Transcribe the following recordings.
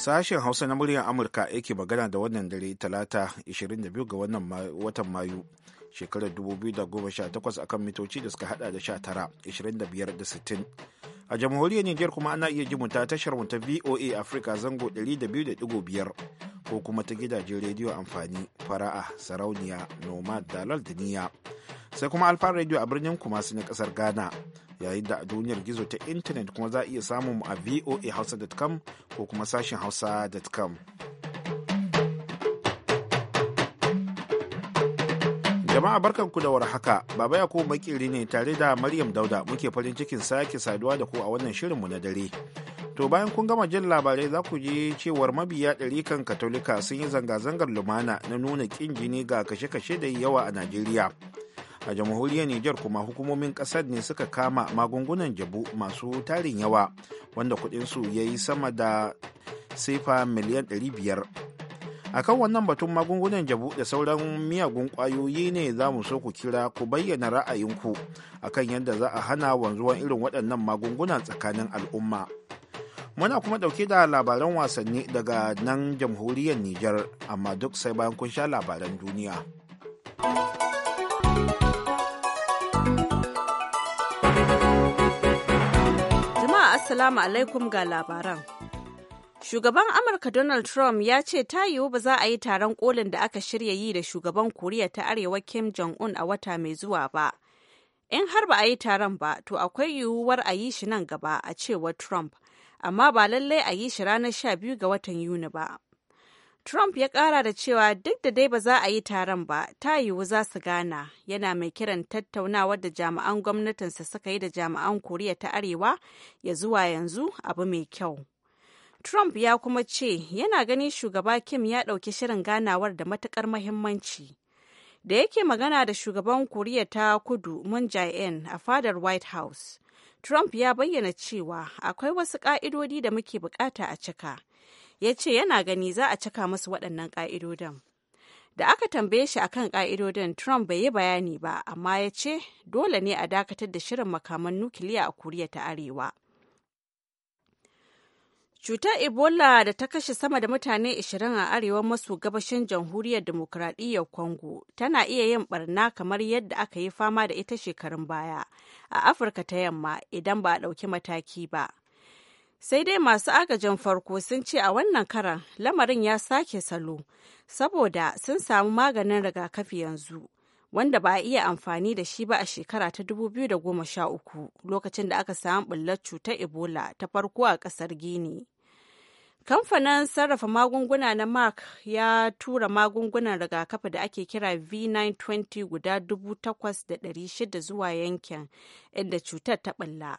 Sashen Hausa na muryar Amurka yake magana da wannan dare talata 22 ga watan Mayu. shekarar 2018 akan mitoci da suka hada da 19 25 da 60 a jamhuriyar niger kuma ana iya jimu ta tashar mu ta voa africa zango 200.5 ko kuma ta gidajen rediyo amfani fara'a sarauniya nomad dalal da niya sai kuma alfa rediyo a birnin kuma su na kasar ghana yayin da a duniyar gizo ta intanet kuma za a iya samun mu a voa hausa.com ko kuma sashen hausa.com Jama'a barkanku da warhaka, Baba yakub Makiri ne tare da Maryam Dauda muke farin cikin sake saduwa da ku a wannan mu na dare. To bayan kun gama jin labarai za ku ji cewar mabiya ɗari kan Katolika sun yi zanga-zangar lumana na nuna ƙin jini ga kashe-kashe da yawa a Najeriya. A jamhuriyar Nijar kuma hukumomin ƙasar ne suka kama magungunan jabu masu tarin yawa wanda kuɗinsu ya yi sama da sifa miliyan 500 akan wannan batun magungunan jabu da sauran miyagun kwayoyi ne za mu so ku kira ku bayyana ra'ayinku akan yadda za a hana wanzuwan irin waɗannan magungunan tsakanin al'umma muna kuma ɗauke da labaran wasanni daga nan jamhuriyar nijar amma duk sai bayan kun sha labaran duniya jama'a assalamu alaikum ga labaran Shugaban Amurka Donald Trump ya ce ta yiwu ba za a yi taron kolin da aka shirya yi da shugaban Koriya ta Arewa Kim Jong-un a wata mai zuwa ba. In har ba a yi taron ba, to akwai yiwuwar a yi shi nan gaba a cewar Trump, amma ba lallai a yi shi ranar 12 ga watan Yuni ba. Trump ya kara da cewa duk da dai ba za a yi taron ba, ta yiwu za su gana, yana mai kiran tattaunawar da jami'an gwamnatinsa suka yi da jami'an Koriya ta Arewa ya zuwa yanzu abu mai kyau. Trump ya kuma ce yana ganin shugaba Kim ya ɗauki shirin ganawar da matuƙar mahimmanci. Da yake magana da shugaban Koriya ta kudu Moon Jae-in a fadar White House, Trump ya bayyana cewa akwai wasu ƙa'idodi da muke bukata a cika. Ya ce yana gani za a cika musu waɗannan ƙa'idodin. Da aka tambaye shi akan ƙa'idodin, Trump bai yi bayani ba, amma ya ce dole ne a dakatar da shirin makaman nukiliya a Koriya ta Arewa. Cutar Ebola da ta kashe sama da mutane 20 a arewa maso gabashin jamhuriyar demokuraɗiyyar Congo tana iya yin barna kamar yadda aka yi fama da ita shekarun baya a Afirka ta yamma idan ba a ɗauki mataki ba. Sai dai masu agajin farko sun ce a wannan karan lamarin ya sake salo saboda sun samu maganin rigakafi yanzu. wanda ba a iya amfani da shi ba a shekara ta 2013 lokacin da aka samu bullar cutar ebola ta farko a kasar gini kamfanin sarrafa magunguna na mark ya tura magungunan rigakafi da ake kira v920 guda 8,600 zuwa yankin inda cutar ta ɓalla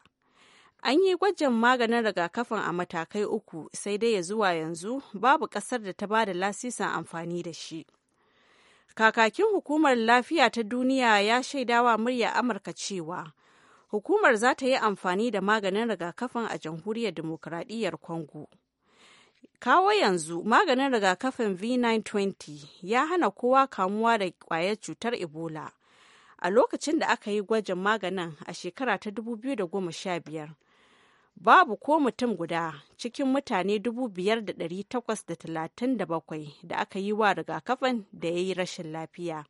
An yi gwajin maganin rigakafin a matakai uku sai dai ya zuwa yanzu babu ƙasar da ta ba da lasisin amfani da shi. Kakakin Hukumar Lafiya ta Duniya ya shaidawa murya Amurka cewa hukumar za ta yi amfani da maganin rigakafin a jamhuriyar demokradiyyar Congo. Kawo yanzu maganin rigakafin V920 ya hana kowa kamuwa da kwayar cutar Ebola. A lokacin da aka yi gwajin maganin a shekara ta 2015 babu ko mutum guda cikin mutane 5,837 da aka yi wa rigakafin da ya yi rashin lafiya.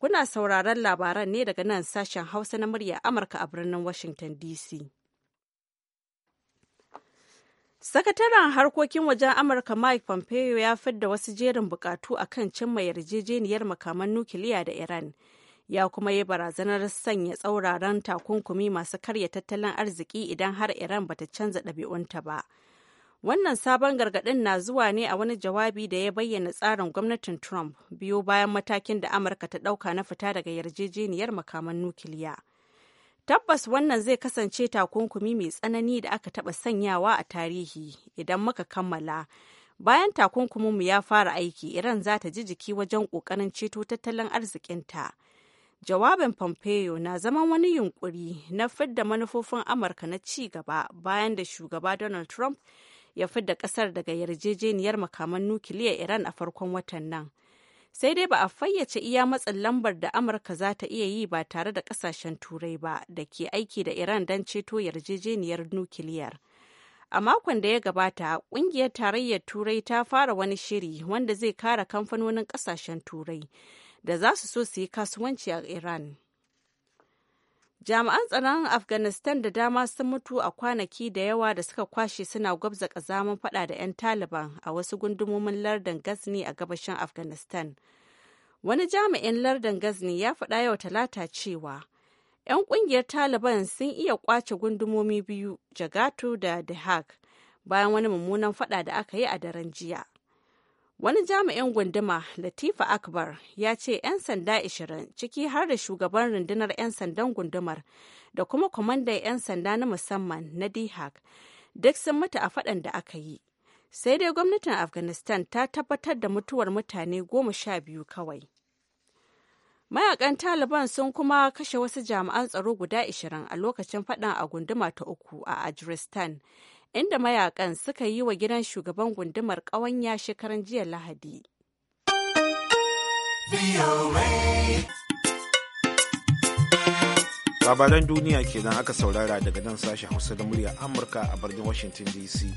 Kuna sauraron labaran ne daga nan sashen Hausa na murya Amurka a birnin Washington DC. Sakataren harkokin wajen Amurka Mike Pompeo ya fidda wasu jerin bukatu kan cimma yarjejeniyar makaman nukiliya da Iran. ya kuma yi barazanar sanya tsauraran takunkumi masu karya tattalin arziki idan har iran bata canza ɗabi'unta ba wannan sabon gargaɗin na zuwa ne a wani jawabi da ya bayyana tsarin gwamnatin trump biyu bayan matakin da amurka ta ɗauka na fita daga yarjejeniyar makaman nukiliya tabbas wannan zai kasance takunkumi mai tsanani da aka taɓa sanyawa a tarihi idan muka kammala bayan takunkuminmu ya fara aiki iran za ta ji jiki wajen ƙoƙarin ceto tattalin arzikinta Jawabin Pompeo na zaman wani yunkuri na fidda manufofin Amurka na ci gaba bayan da shugaba Donald Trump ya fidda kasar daga yarjejeniyar makaman nukiliya Iran a farkon watan nan. Sai dai ba a fayyace iya matsin lambar da Amurka za ta iya yi ba tare da kasashen turai ba da ke aiki da Iran don ceto yarjejeniyar nukiliyar. A makon da ya gabata, ƙungiyar tarayyar Turai ta fara wani shiri wanda zai kare kamfanonin ƙasashen Turai da za su so su yi kasuwanci a Iran. Jami'an tsaron Afghanistan da dama sun mutu a kwanaki da yawa da suka kwashe suna gwabza kazamin fada da 'yan Taliban a wasu gundumomin lardin Ghazni a gabashin Afghanistan. Wani jami'in lardin Ghazni ya faɗa yau talata cewa 'yan ƙungiyar Taliban sun iya kwace gundumomi biyu, Jagatu da Dahak, bayan wani mummunan fada da aka yi a daren jiya. Wani jami'in gunduma Latifa Akbar ya ce 'yan sanda 20 ciki har da shugaban rundunar 'yan sandan gundumar da kuma kwamandan 'yan sanda na musamman na DHAC duk sun mutu a faɗan da aka yi. Sai dai gwamnatin Afghanistan ta tabbatar da mutuwar mutane goma sha biyu kawai. mayakan taliban sun kuma kashe wasu jami'an tsaro guda 20 a lokacin fadan a gunduma ta uku a ajristan inda mayakan suka yi wa gidan shugaban gundumar ƙawanya shekaran jiya Lahadi. Labaran duniya kenan aka saurara daga nan sashen Hausa da murya Amurka a birnin Washington DC.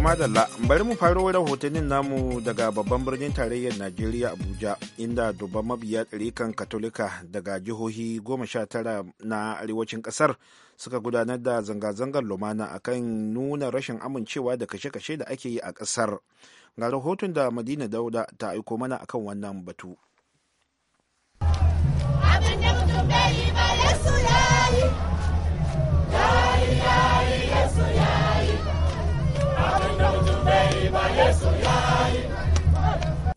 madalla bari mu faro da hotunan namu daga babban birnin tarayyar Najeriya Abuja inda dubban mabiya kan Katolika daga jihohi goma sha tara na arewacin kasar suka gudanar da zanga-zangar lumana akan nuna rashin amincewa da kashe-kashe da ake yi a kasar. Ga rahoton da Madina Dauda ta aiko mana akan wannan batu. Yeah.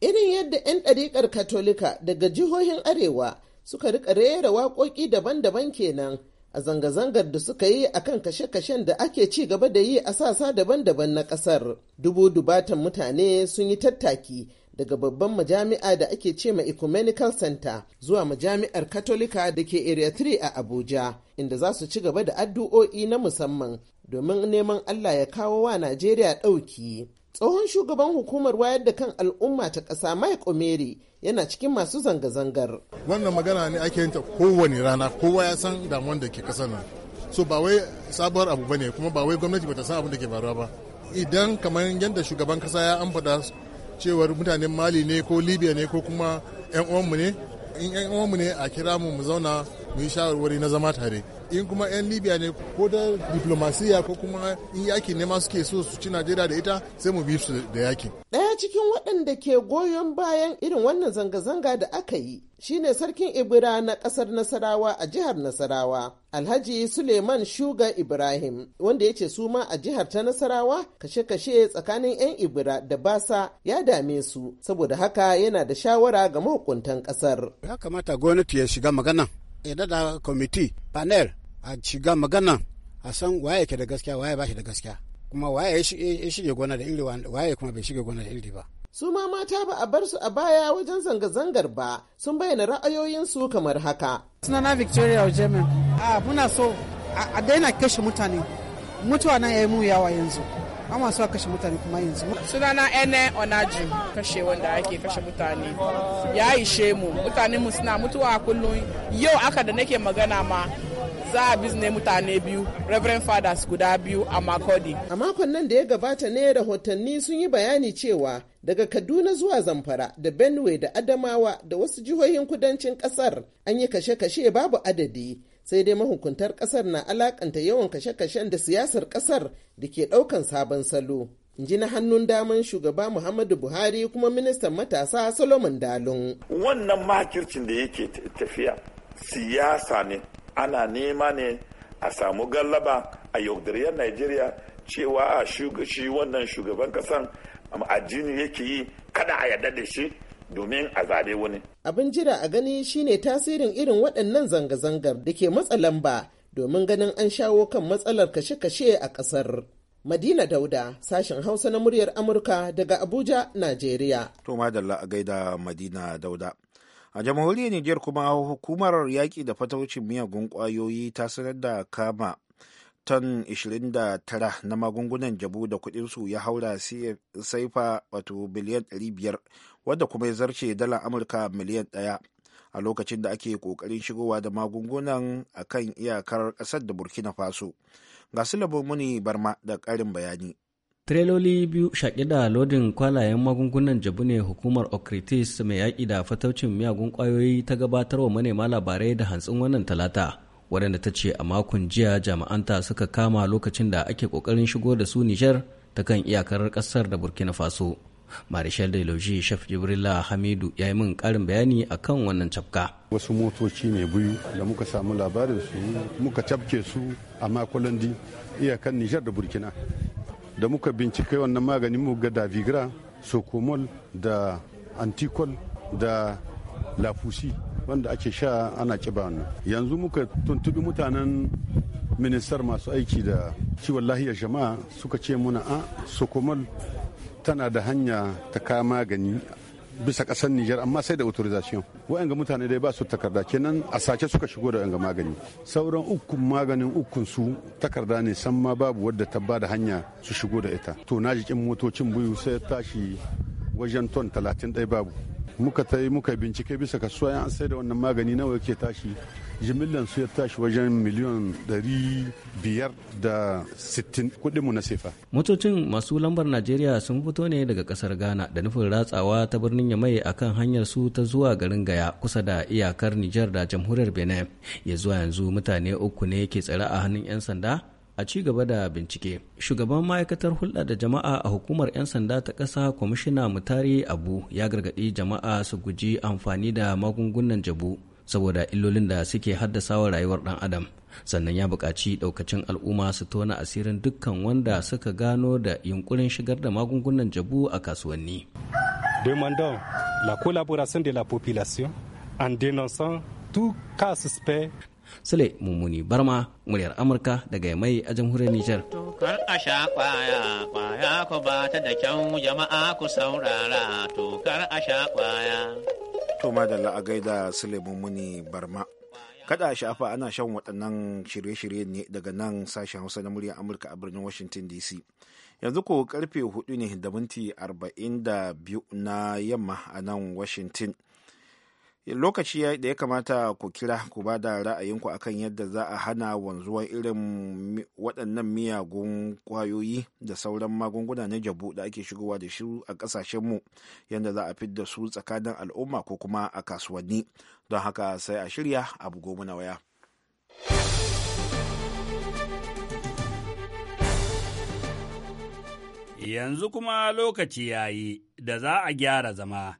Irin yadda 'yan ɗariƙar Katolika daga jihohin Arewa suka rika rera waƙoƙi daban-daban kenan a zanga-zangar da suka yi a kan kashe-kashen da ake ci gaba da yi a sasa daban-daban na ƙasar. Dubu dubatan mutane sun yi tattaki daga babban majami'a da ake ce ma Ecumenical Center zuwa majami'ar Katolika da ke Area 3 a Abuja, inda za su ci gaba da addu'o'i na musamman domin neman Allah ya kawo wa Najeriya ɗauki. tsohon shugaban hukumar wayar da kan al'umma ta Kasa, mike omeri yana cikin masu zanga-zangar wannan magana ne ake yinta kowane rana kowa ya san damuwan da ke ƙasa nan so ba wai sabuwar abu bane kuma ba wai gwamnati ba ta san abin da ke faruwa ba idan kamar yadda shugaban kasa ya ambata cewar mutanen mali ne ko libya ne ko kuma yan uwanmu ne in yan uwanmu ne a kira mu mu zauna mu yi shawarwari na zama tare in kuma 'yan libya ne ko da diplomasiya ko kuma in yaki ne suke so su ci najeriya da ita sai mu bi su da yakin ɗaya cikin waɗanda ke goyon bayan irin wannan zanga-zanga da aka yi shine sarkin ibira na ƙasar nasarawa a jihar nasarawa alhaji suleiman shuga ibrahim wanda ya ce su ma a jihar ta nasarawa kashe-kashe tsakanin 'yan ibira da basa ya dame su saboda haka yana da shawara ga mahukuntan ƙasar ya kamata gwamnati ya shiga magana ya da kwamiti panel a shiga magana a san waye ke da gaskiya waye ba shi da gaskiya kuma waye ya shige gona da iri waye kuma bai shige gona da iri ba su ma mata ba a bar su a baya wajen zanga-zangar ba sun bayyana ra'ayoyinsu kamar haka sunana victoria ojemen a muna so a daina kashe mutane mutuwa na yayi mu yawa yanzu ba masu a kashe mutane kuma yanzu sunana ene onaji kashe wanda ake kashe mutane ya ishe mu mutane mu suna mutuwa kullum yau aka da nake magana ma za a bizne mutane biyu reverend fathers guda biyu a makodi a makon nan da ya gabata ne rahotanni sun yi bayani cewa daga kaduna zuwa zamfara da benue da adamawa da wasu jihohin kudancin kasar an yi kashe-kashe babu adadi sai dai mahukuntar kasar na alakanta yawan kashe-kashen da siyasar kasar da ke daukan sabon salo ji na hannun daman shugaba muhammadu buhari kuma ministan matasa solomon dalun wannan makircin da yake tafiya siyasa ne ana nema ne a samu gallaba a yaudariyar najeriya cewa a shi wannan shugaban kasan jini yake yi kada a yarda da shi domin a zabe wani abin jira a gani shine tasirin irin waɗannan zanga-zangar da ke matsa lamba domin ganin an shawo kan matsalar kashe-kashe a ƙasar. Madina Dauda, sashen Hausa na muryar Amurka daga Abuja, Najeriya. To madalla a gaida Madina Dauda. a jamhuriyar niger kuma hukumar yaƙi da fataucin miyagun ƙwayoyi ta sanar da kama ton 29 na magungunan jabu da kudinsu ya haura saifa wato biliyan 500 wadda kuma ya zarce dala amurka miliyan 1 a lokacin da ake kokarin shigowa da magungunan a kan iyakar ƙasar da burkina faso ga muni barma da ƙarin bayani Treloli biyu shaƙi da lodin kwalayen magungunan jabu ne hukumar Okritis mai yaƙi da fataucin miyagun ƙwayoyi ta gabatar wa manema labarai da hantsin wannan talata. Waɗanda ta ce a makon jiya jama'anta suka kama lokacin da ake ƙoƙarin shigo da su Nijar ta kan iyakar ƙasar da Burkina Faso. Marishal da Loji Shaf Jibrila Hamidu ya yi min ƙarin bayani a kan wannan cafka. Wasu motoci ne biyu da muka samu labarin su muka cafke su a makon iyakar Nijar da Burkina. da muka bincike wannan magani mu ga davigra sokomol da anticol da lafusi wanda ake sha ana kiba wannan yanzu muka tuntubi mutanen ministar masu aiki da kiwon lahiyar jama'a suka ce muna a ah, sokomol tana da hanya ta kaya magani bisa kasar Nijar amma sai da authorization wa'anga mutane dai ba su takarda kenan a sace suka shigo da wa'anga magani sauran ukun maganin ukun su takarda ne san ma babu wadda ta bada hanya su shigo da ita to na jikin motocin buyu sai tashi wajen ton talatin 31 babu muka ta yi muka bincike bisa kasuwa an sai da wannan magani nawa yake tashi jimillan su ya tashi wajen miliyan ɗari biyar da sittin mu na sefa. motocin masu lambar najeriya sun fito ne daga kasar ghana da nufin ratsawa ta birnin yamai akan hanyar su ta zuwa garin gaya kusa da iyakar nijar da jamhuriyar benin ya zuwa yanzu mutane uku ne ke tsare a hannun 'yan sanda a ci gaba da bincike shugaban ma'aikatar hulɗa da jama'a a hukumar 'yan sanda ta ƙasa kwamishina mutari abu ya gargaɗi jama'a su guji amfani da magungunan jabu saboda illolin da suke haddasa wa rayuwar ɗan adam sannan ya buƙaci ɗaukacin al'umma su tona asirin dukkan wanda suka gano da yunkurin shigar da magungunan jabu a kasuwanni demandons la collaboration de la population en dénonçant tout cas suspect Sule Mummuni Barma, muryar Amurka daga mai a jamhuriyar Nijar. tokar a sha kwaya, kwaya ku ba ta da kyau jama'a ku saurara, tokar a sha kwaya. To madalla a gaida Sule Mummuni Barma. Kada a shafa ana shan waɗannan shirye-shirye ne daga nan sashen Hausa na muryar Amurka a birnin Washington DC. Yanzu ko karfe hudu ne da minti arba'in da biyu na yamma a nan Washington. lokaci da ya kamata ku kira ku ba da ra'ayinku akan yadda za a hana wanzuwan irin waɗannan miyagun kwayoyi da sauran magunguna na jabu da ake shigowa da shi a ƙasashenmu yadda za a fidda su tsakanin al'umma ko kuma a kasuwanni don haka sai a shirya abu goma na waya. Yanzu kuma lokaci yayi da za a gyara zama.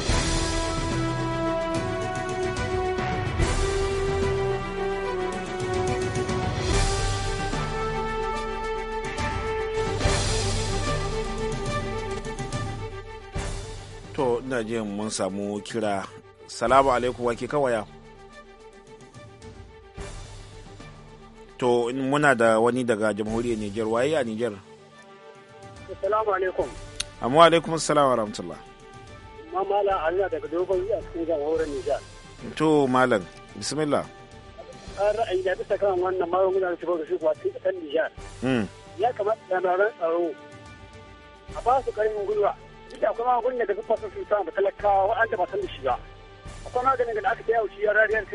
ina jin mun samu kira salamu alaikum wake kawaya to muna da wani daga jamhuriyar niger waye a niger salamu alaikum amma alaikum salam wa rahmatullah mamala allah daga dogon a cikin jamhuriyar niger to malam bismillah an ra'ayi da bisa kan wannan magunguna da shigar da shi kuwa cikin niger hmm. ya kamata da tsaro a ba su karin gwiwa duk akwai da duk sun samu talakawa da shi ba akwai maganin da aka shi ya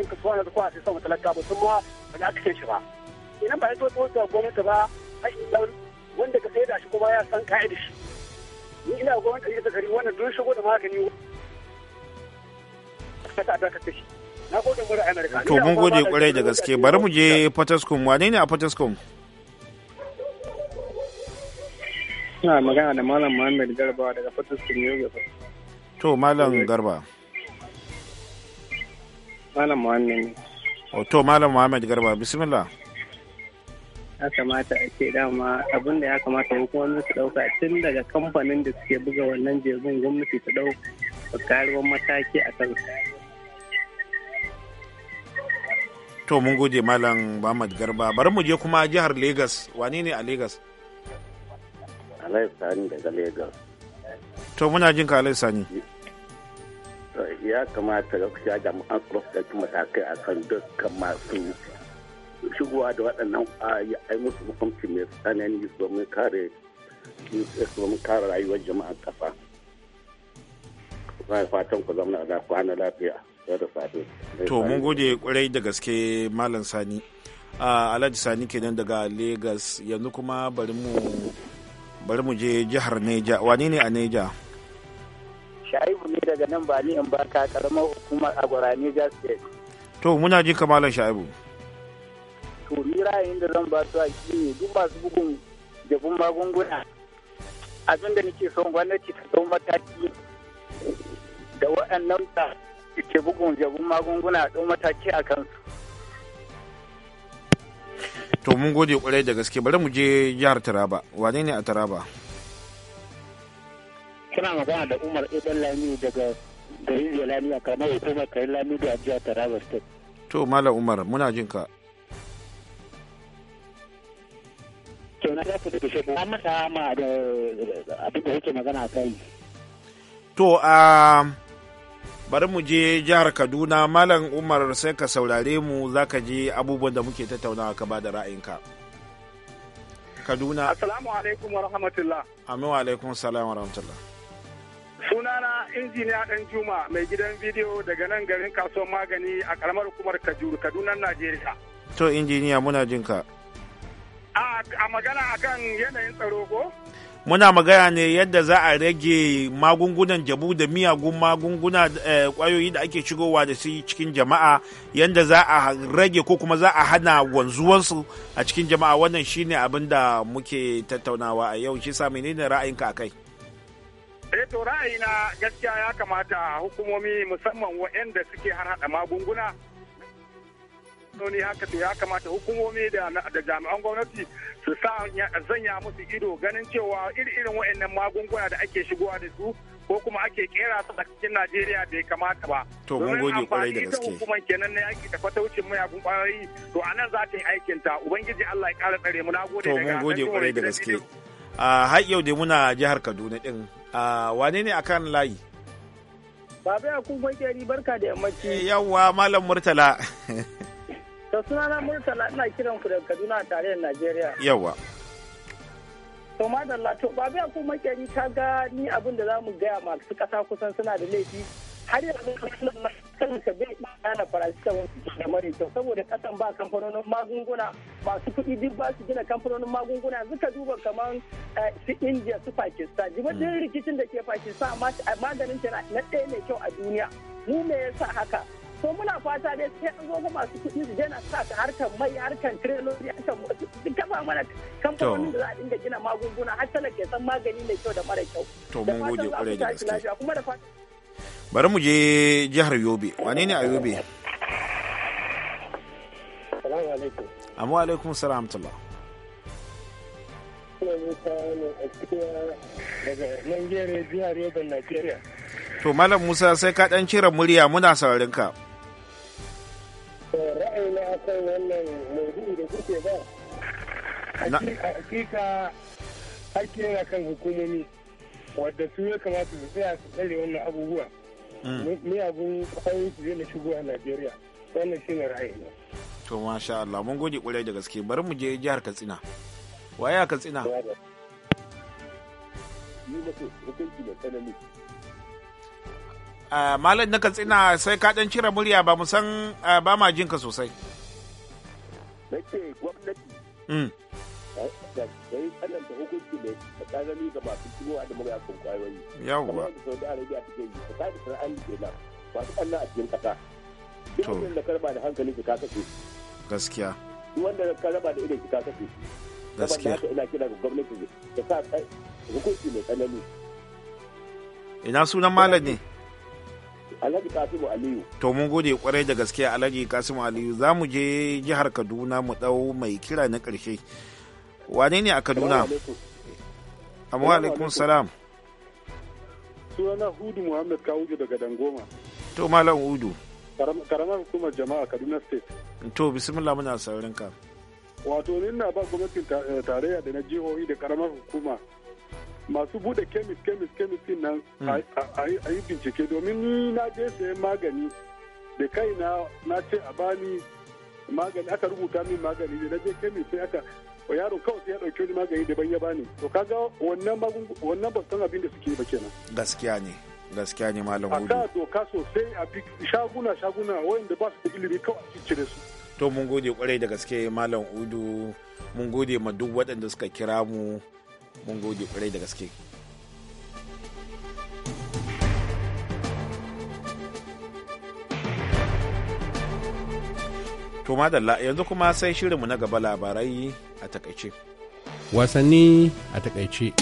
kasuwa na zuwa sai samu ba sun ba aka kai shi ba idan ba ya ba ka da shi kuma san shi ni ina gwamnati gari wannan don shigo da magani ta na gode kwarai da gaske bari mu je Fataskun wane ne a Fataskun suna magana da Malam Muhammad Garba daga Fatiskin Yobe. To Malam eh. Garba. Malam Muhammad. Oh, to Malam Muhammad Garba bismillah. Ya kamata a ce dama abin da ya kamata hukumomi su ɗauka tun daga kamfanin da suke buga wannan jirgin gwamnati ta ɗau karuwan mataki a kan To mun gode Malam Muhammad Garba bari mu je kuma jihar Legas wani ne a Legas? Alayi Sani daga lagos. To muna jin ka alai Sani. Ya kamata gaskiya jami'an da kuma ɗauki matakai a kan dukkan masu shigowa da waɗannan ayi ai musu hukunci mai tsanani domin kare domin kare rayuwar jama'a ƙasa. Na fatan ku zama da kwana lafiya. To mun gode kwarai da gaske Malam Sani. Ah, Alhaji Sani kenan daga Legas yanzu kuma bari mu bari mu je jihar neja wani ne a neja shaibu ne daga nan ba ni in ba ka karamar hukumar agwara neja state to muna ji kamalan shaibu to ni ra'ayin da zan ba su a ne duk masu bugun jabun magunguna abin da nake son gwamnati ta ɗau mataki da waɗannan ta ke bugun jabun magunguna dau mataki a kansu to mun gode kwarai da gaske bari mu je jihar taraba wane ne a taraba kina magana da umar ibn lami daga garin lami a karamar hukumar karin lami da jihar taraba state to malam umar muna jin ka to na da kuɗi shi masa ma da abin da yake magana kai to a um, bari mu je jihar kaduna malam umar sai ka saurare mu za ka je abubuwan da muke tattaunawa ka ba da ra'ayinka kaduna assalamu alaikum wa rahmatullah amin wa alaikum salam wa rahmatullah sunana injiniya dan juma mai gidan bidiyo daga nan garin kasuwar magani a karamar hukumar kaduna kaduna najeriya to injiniya muna jinka a magana akan yanayin tsaro ko muna magana ne yadda za a rage magungunan jabu da miyagun magunguna eh, kwayoyi da ake shigowa da su cikin jama'a yadda za a rage ko kuma za a hana wanzuwansu a cikin jama'a wannan shine abin da muke tattaunawa a yau shi sa menene ra'ayinka akai eh to ra'ayina gaskiya ya kamata hukumomi musamman waɗanda suke harhaɗa magunguna ne haka to ya kamata hukumomi da jami'an gwamnati su sa zanya musu ido ganin cewa irin waɗannan magunguna da ake shigowa da su ko kuma ake kera su a cikin Najeriya bai kamata ba. To mun gode kwarai da gaske. Domin hukumar kenan na yaki da fataucin mayagun kwarai to anan za ta yi aikin ta Ubangiji Allah ya kara tsare mu nagode daga. To mun gode kwarai da gaske. A har yau dai muna jihar Kaduna din. wane ne akan layi? Baba kun Bakari barka da yammaci. Eh, yawwa Malam Murtala. To na Murtala ina kiran ku daga Kaduna da Najeriya. Yawa. To madalla to ba biya ku makeri ta ga ni abin da za mu gaya masu kasa kusan suna da laifi har yanzu kan ka bai na paracetamol da mare kyau saboda kasan ba kamfanonin magunguna masu kuɗi duk ba su gina kamfanonin magunguna yanzu ka duba kamar eh, su India su Pakistan jibadin rikicin da ke Pakistan maganin na ɗaya mai kyau a duniya mu me yasa haka ko muna fata dai sai an zo masu kuɗi su daina sa ta harkar mai harkar tireloli harkar motsi duk kafa mana kamfanonin da za a dinga gina magunguna har talaka ke san magani mai kyau da mara kyau to mun gode kwarai da gaske kuma da fata bari mu je jihar yobe wane ne a yobe salamu alaikum amma alaikum salam tala daga jihar yobe nigeria to malam musa sai ka ɗan cire murya muna saurin ka ra'ayina kan wannan maudu'i da kuke ba hakika ake yana kan hukumomi wadda su ya kamata su tsaya su tsare wannan abubuwa mm. miyagun kwayoyi su zai shigo a najeriya wannan shi ne ra'ayina to masha Allah mun gode kwarai da gaske bari mu je jihar Katsina waye a Katsina ni su hukunci da tsanani Ah, malam na katsina sai ka dan cire murya ba mu san ah, ba ma jin ka sosai nake gwamnati mm. da yi tsananta hukunci mai tsanani ga masu kwayoyi yi ta da a cikin ƙasa duk wanda da karba da hankali ka kashe gaskiya da ka gaskiya ina ina sunan malam ne Alhaji Kasimu Aliyu. To mun gode kwarai da gaske Alhaji Kasimu Aliyu za mu je jihar Kaduna mu dau mai kira na ƙarshe. Wane ne a Kaduna? Amma alaikum salam. Sunana Hudu Muhammad Kawuju daga Dangoma. To Malam Hudu. Karamar hukumar jama'a Kaduna State. To bismillah muna saurinka. ka. Wato ni na ba gwamnatin eh, tarayya da na jihohi da karamar hukuma masu bude kemis kemis kemis nan hmm. a yi bincike domin ni na je sayan magani da kai na ce a bani magani aka rubuta min magani da na je kemis sai aka yaron kawai sai ya dauki wani magani ban ya bani to kaga wannan wannan ba san abin da suke ba kenan gaskiya ne gaskiya ne malam hudu a doka sosai a bi shaguna shaguna wanda ba su da ilimi kawai a cire su to mun gode kwarai da gaske malam udu mun gode ma duk waɗanda suka kira mu mun goge kwarai da gaske to madalla yanzu kuma sai shirinmu na gaba labarai a takaice wasanni a takaice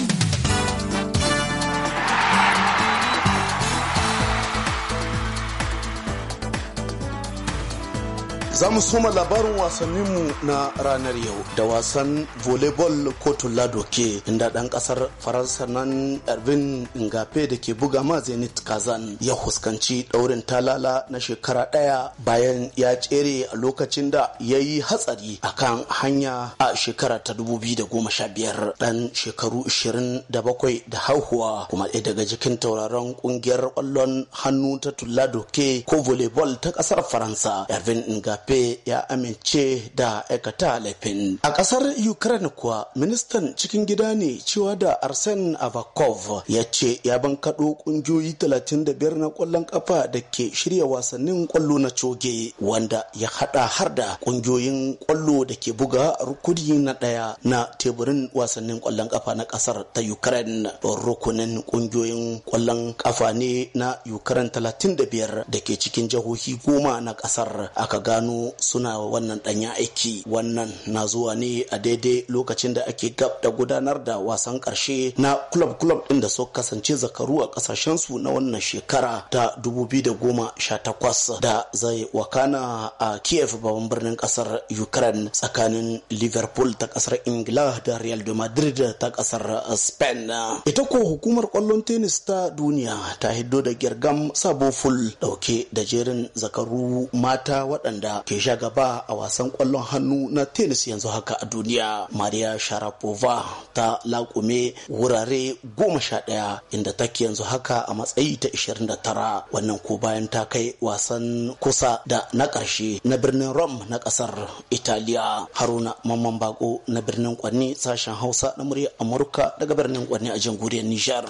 Za mu soma labarin wasanninmu na ranar yau da wasan volleyball kotun ladoke inda ɗan ƙasar Faransa nan Ervin Ngafe da ke buga ma Zenit Kazan ya fuskanci ɗaurin talala na shekara ɗaya bayan ya tsere a lokacin da ya yi hatsari a kan hanya a shekara ta 2015 Dan shekaru 27 da hauhuwa kuma ɗaya daga jikin tauraron ƙungiyar ƙwallon hannu ta tulladoke ko volleyball ta ƙasar Faransa Ervin Ngafe zaɓe ya amince da aikata laifin. A ƙasar Ukraine kuwa ministan cikin gida ne cewa da Arsen Avakov ya ce ya ban kaɗo ƙungiyoyi 35 na ƙwallon ƙafa da ke shirya wasannin ƙwallo na coge wanda ya haɗa har da ƙungiyoyin ƙwallo da ke buga rukuni na ɗaya na teburin wasannin ƙwallon ƙafa na ƙasar ta Ukraine. Rukunin ƙungiyoyin ƙwallon ƙafa ne na Ukraine 35 da ke cikin jihohi goma na ƙasar aka gano suna wannan danya aiki wannan na zuwa ne a daidai lokacin da ake gab da gudanar da wasan karshe na club club din da suka kasance zakaru a kasashen su na wannan shekara ta 2018 da zai wakana a kiev babban birnin kasar ukraine tsakanin liverpool ta kasar ingila da real de madrid ta kasar spain ita ko hukumar kwallon tennis ta duniya ta hiddo da girgam sabo full dauke da jerin zakaru mata waɗanda ke sha gaba, a wasan kwallon hannu na tennis yanzu haka a duniya maria sharapova ta laƙume wurare goma sha ɗaya inda take yanzu haka a matsayi ta 29 wannan ko bayan ta kai wasan kusa da na ƙarshe na birnin rom na ƙasar italiya haruna mamman bako na birnin kwanni sashen hausa na murya amurka daga birnin kwanni a jamhuriyar nijar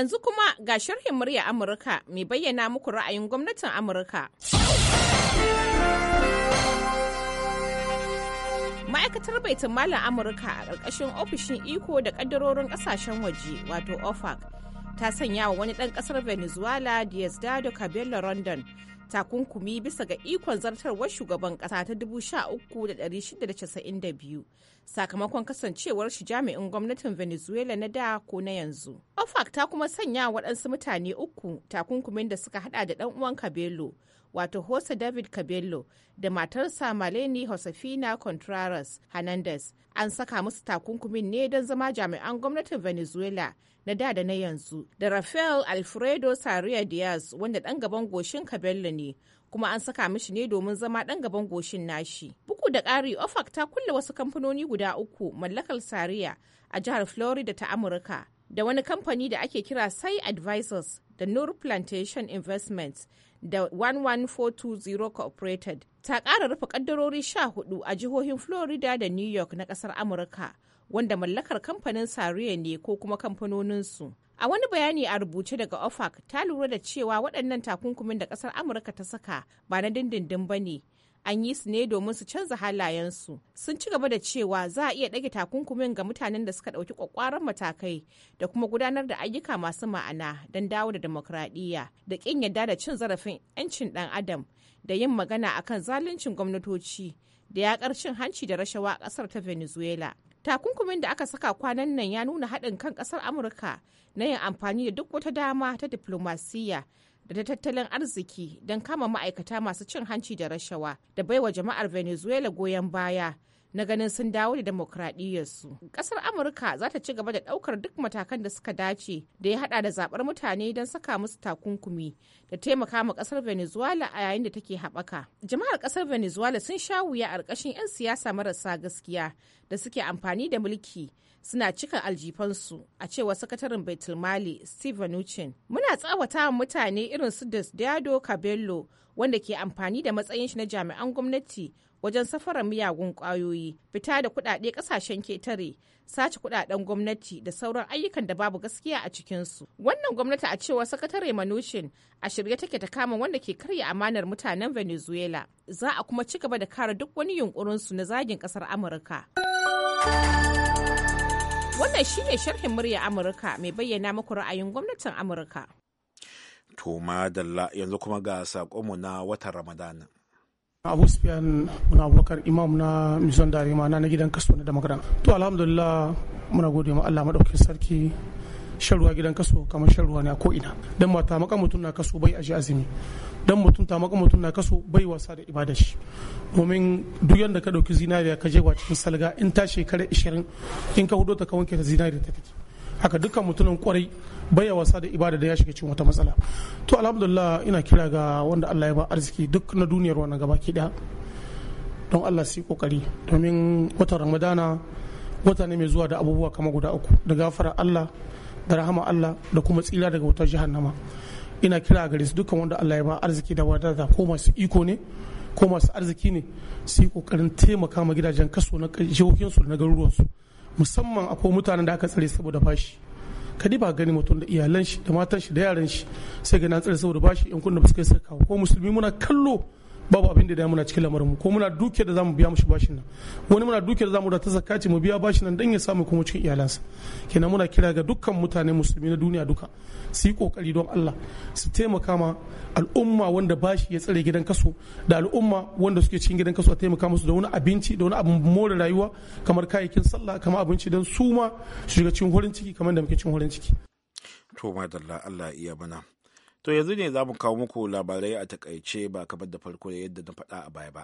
Yanzu kuma ga sharhin murya Amurka mai bayyana muku ra'ayin gwamnatin Amurka. Ma'aikatar Baitin Malam Amurka a ƙarƙashin ofishin iko da ƙaddarorin ƙasashen waje wato OFAC ta sanya wa wani ɗan ƙasar Venezuela Diosdado Cabello Rondon takunkumi bisa ga ikon zartarwar shugaban ƙasa ta 13,692 sakamakon kasancewar shi jami'in gwamnatin venezuela na da ko na yanzu ofac ta kuma sanya waɗansu mutane uku takunkumin da suka hada da ɗan uwan cabello wato Jose David Cabello da matarsa Maleni Josefina Contreras Hernandez an saka musu takunkumin ne don zama jami'an gwamnatin Venezuela na da da na yanzu da Rafael Alfredo Saria Diaz wanda ɗan gaban goshin Cabello ne kuma an saka mishi ne domin zama ɗan gaban goshin nashi. buku da ƙari, OFAC ta kulle wasu kamfanoni guda uku mallakar Sariya a jihar Florida ta Amurka da wani kamfani da ake kira Sai Advisors da Nur Plantation Investments da 11420 Cooperated. Ta ƙara rufe ƙaddarori sha hudu a jihohin Florida da New York na ƙasar Amurka, wanda mallakar kamfanin Sariya ne ko kuma kamfanoninsu. A wani bayani a rubuce daga OFAC ta lura da cewa waɗannan takunkumin da ƙasar Amurka ta saka ba na dindindin ba ne. An yi su ne domin su canza halayensu. Sun ci gaba da cewa za a iya ɗage takunkumin ga mutanen da suka ɗauki ƙwaƙwaran matakai da kuma gudanar da ayyuka masu ma'ana don dawo da demokradiyya da ƙin yadda da cin zarafin 'yancin ɗan adam da yin magana akan zaluncin gwamnatoci da yaƙar cin hanci da rashawa a ƙasar ta Venezuela. takunkumin da aka saka kwanan nan ya nuna haɗin kan ƙasar amurka na yin amfani da duk wata dama ta diflomasiyya da ta tattalin arziki don kama ma'aikata masu cin hanci da rashawa da baiwa jama'ar venezuela goyon baya na ganin sun dawo da demokradiyyarsu. Ƙasar Amurka za ta ci gaba da ɗaukar duk matakan da suka dace da ya haɗa da zabar mutane don saka musu takunkumi da taimaka ma kasar Venezuela a yayin da take haɓaka. Jama'ar ƙasar Venezuela sun sha wuya a ƙarƙashin 'yan siyasa marasa gaskiya da suke amfani da mulki suna cika aljifansu a cewa sakataren baitulmali steve nuchin muna tsawata wa mutane irin su desdiado cabello wanda ke amfani da matsayin shi na jami'an gwamnati wajen safarar miyagun ƙwayoyi fita da kuɗaɗe ƙasashen ketare sace kuɗaɗen gwamnati da sauran ayyukan da babu gaskiya a cikinsu wannan gwamnati a cewa sakatare manushin a shirye take ta kama wanda ke karya amanar mutanen venezuela za a kuma ci gaba da kare duk wani yunƙurinsu na zagin ƙasar amurka wannan shine sharhin murya amurka mai bayyana muku ra'ayin gwamnatin amurka to madalla yanzu kuma ga saƙonmu na watan ramadana abu sufiyan muna abubakar imam na dare darima na gidan kaso na damagaran to alhamdulillah muna gode ma allah sarki sharuwa gidan kaso kamar sharuwa na ne a ko'ina don mata maka mutum na kaso bai aji azumi don mutum ta maka mutum na kaso bai wasa da ibada shi domin duk yadda ka dauki zinariya ka je wa cikin salga in ta shekara 20 in ka hudo ta ka wanke ta zinariya ta take haka dukkan mutumin kwarai baya wasa da ibada da ya shiga cikin wata matsala to alhamdulillah ina kira ga wanda Allah ya ba arziki duk na duniyar wannan gaba ki daya don Allah su yi kokari domin watan ramadana wata ne mai zuwa da abubuwa kama guda uku da gafara Allah da rahama Allah da kuma tsira daga wutar jahannama ina kira gare su dukkan wanda Allah ya ba arziki da wadata ko masu iko ne ko masu arziki ne su yi kokarin taimaka ma gidajen kaso na jihohinsu da na garuruwansu musamman akwai mutanen da aka tsare saboda bashi kadi ba gani mutum da iyalan shi da matan shi da yaran shi sai ga na tsare saboda bashi yan kunna ba su kai kawo ko musulmi muna kallo babu abin da ya muna cikin lamarin mu ko muna duke da zamu biya mushi bashin nan wani muna duke da zamu da ta zakati mu biya bashin nan dan ya samu kuma cikin iyalansa kenan muna kira ga dukkan mutane musulmi na duniya duka su yi kokari don Allah su taimaka ma al'umma wanda bashi ya tsare gidan kaso da al'umma wanda suke cikin gidan kaso a taimaka musu da wani abinci da wani abin more rayuwa kamar kayayyakin sallah kamar abinci don su ma su shiga cikin horin ciki kamar da muke cikin horin ciki to madalla Allah iya bana To yanzu ne za mu kawo muku labarai a takaice ba kamar da farko yadda na faɗa a baya ba.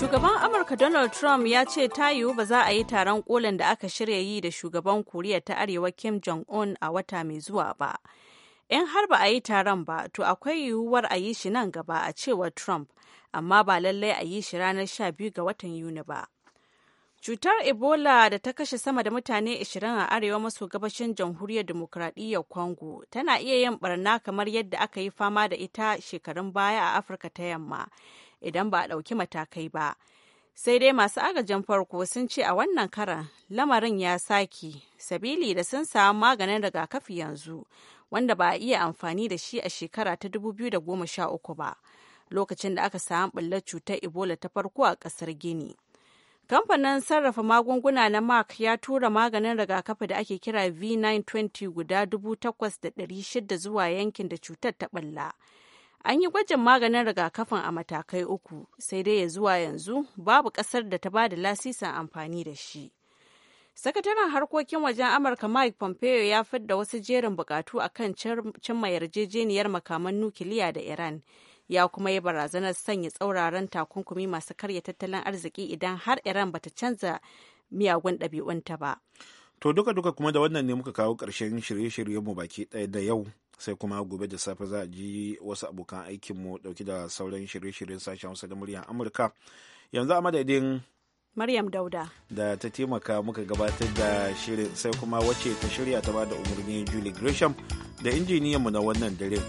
Shugaban Amurka Donald Trump ya ce ta yiwu ba za a yi taron kolin da aka shirya yi da shugaban Koriya ta Arewa Kim Jong-un a wata mai zuwa ba. In har ba a yi taron ba, to akwai yiwuwar a yi shi nan gaba a cewa Trump, amma ba lallai a yi shi ranar 12 ga watan Yuni ba. Cutar Ebola da ta kashe sama da mutane 20 a arewa maso gabashin jamhuriyar demokuraɗiyyar Congo tana iya yin barna kamar yadda aka yi fama da ita shekarun baya a Afirka ta yamma idan ba a ɗauki matakai ba. Sai dai masu agajin farko sun ce a wannan karan lamarin ya sake sabili da sun samu maganin rigakafi yanzu wanda ba a iya amfani da shi a shekara ta 2013 ba lokacin da aka samu cutar Ebola ta farko a ƙasar Gini. Kamfanin sarrafa magunguna na Mark ya tura maganin rigakafi da ake kira V920 guda 8,600 zuwa yankin da cutar ta ɓalla. An yi gwajin maganin rigakafin a matakai uku, sai dai ya zuwa yanzu babu ƙasar da ta ba da lasisin amfani da shi. Sakataren harkokin wajen Amurka Mike Pompeo ya fidda wasu jerin bukatu kan cimma yarjejeniyar makaman nukiliya da Iran. ya kuma yi barazanar sanya tsauraran takunkumi masu karya tattalin arziki idan har iran bata canza miyagun ɗabi'unta ba to duka duka kuma da wannan ne muka kawo ƙarshen shirye-shiryenmu baki ɗaya da yau sai kuma gobe da safe za a ji wasu abokan aikinmu ɗauki da sauran shirye-shiryen sashen hausa da muryar amurka yanzu a madadin Maryam Dauda. Da ta taimaka muka gabatar da shirin sai kuma wacce ta shirya ta bada umarni Julie Gresham da injiniyanmu na wannan dare.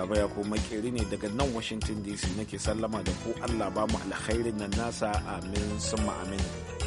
baba ya ko makeri ne daga nan washington dc nake sallama da ku allah ba mu alkhairin nan nasa amin summa amin